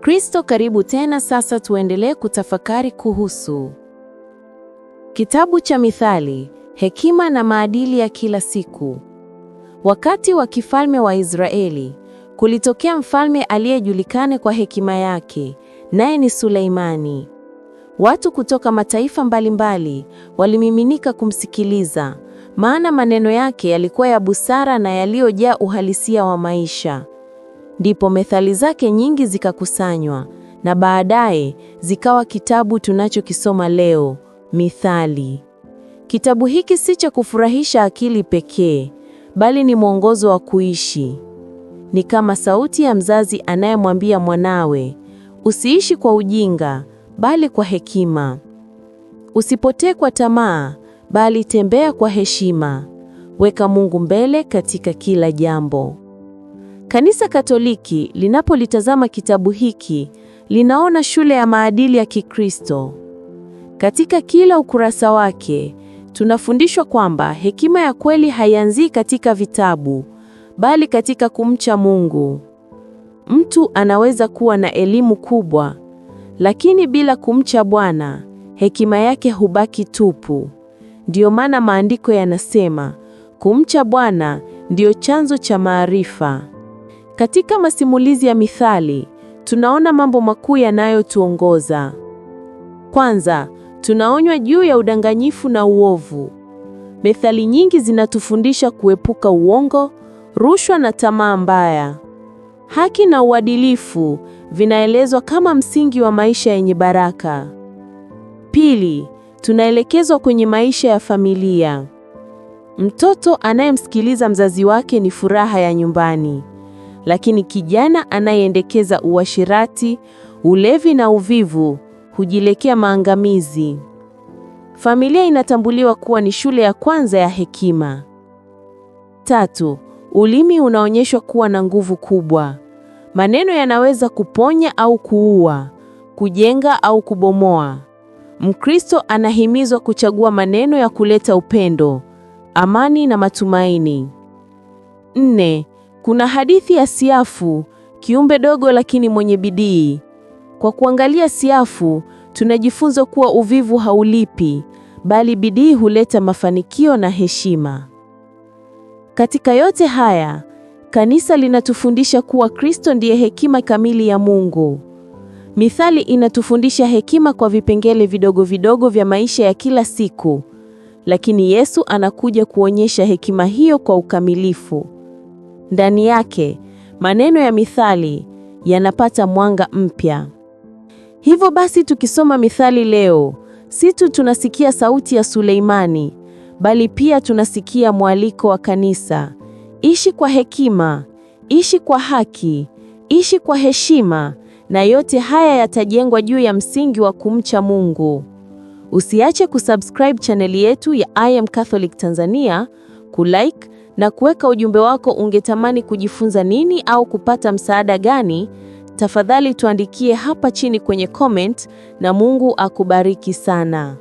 Kristo karibu tena. Sasa tuendelee kutafakari kuhusu kitabu cha Mithali, hekima na maadili ya kila siku. Wakati wa kifalme wa Israeli kulitokea mfalme aliyejulikana kwa hekima yake, naye ni Suleimani. Watu kutoka mataifa mbalimbali walimiminika kumsikiliza, maana maneno yake yalikuwa ya busara na yaliyojaa uhalisia wa maisha ndipo methali zake nyingi zikakusanywa na baadaye zikawa kitabu tunachokisoma leo, Mithali. Kitabu hiki si cha kufurahisha akili pekee, bali ni mwongozo wa kuishi. Ni kama sauti ya mzazi anayemwambia mwanawe, usiishi kwa ujinga, bali kwa hekima. Usipotee kwa tamaa, bali tembea kwa heshima. Weka Mungu mbele katika kila jambo. Kanisa Katoliki linapolitazama kitabu hiki linaona shule ya maadili ya Kikristo. Katika kila ukurasa wake tunafundishwa kwamba hekima ya kweli haianzii katika vitabu, bali katika kumcha Mungu. Mtu anaweza kuwa na elimu kubwa, lakini bila kumcha Bwana, hekima yake hubaki tupu. Ndiyo maana maandiko yanasema kumcha Bwana ndiyo chanzo cha maarifa. Katika masimulizi ya mithali, tunaona mambo makuu yanayotuongoza. Kwanza, tunaonywa juu ya udanganyifu na uovu. Methali nyingi zinatufundisha kuepuka uongo, rushwa na tamaa mbaya. Haki na uadilifu vinaelezwa kama msingi wa maisha yenye baraka. Pili, tunaelekezwa kwenye maisha ya familia. Mtoto anayemsikiliza mzazi wake ni furaha ya nyumbani. Lakini kijana anayeendekeza uashirati ulevi na uvivu hujilekea maangamizi. Familia inatambuliwa kuwa ni shule ya kwanza ya hekima. Tatu, ulimi unaonyeshwa kuwa na nguvu kubwa. Maneno yanaweza kuponya au kuua, kujenga au kubomoa. Mkristo anahimizwa kuchagua maneno ya kuleta upendo, amani na matumaini. Nne, kuna hadithi ya Siafu, kiumbe dogo lakini mwenye bidii. Kwa kuangalia Siafu, tunajifunza kuwa uvivu haulipi, bali bidii huleta mafanikio na heshima. Katika yote haya, kanisa linatufundisha kuwa Kristo ndiye hekima kamili ya Mungu. Mithali inatufundisha hekima kwa vipengele vidogo vidogo vya maisha ya kila siku, lakini Yesu anakuja kuonyesha hekima hiyo kwa ukamilifu. Ndani yake maneno ya mithali yanapata mwanga mpya. Hivyo basi, tukisoma mithali leo, si tu tunasikia sauti ya Suleimani, bali pia tunasikia mwaliko wa kanisa: ishi kwa hekima, ishi kwa haki, ishi kwa heshima, na yote haya yatajengwa juu ya msingi wa kumcha Mungu. Usiache kusubscribe chaneli yetu ya I Am Catholic Tanzania, kulike na kuweka ujumbe wako. Ungetamani kujifunza nini au kupata msaada gani? Tafadhali tuandikie hapa chini kwenye comment, na Mungu akubariki sana.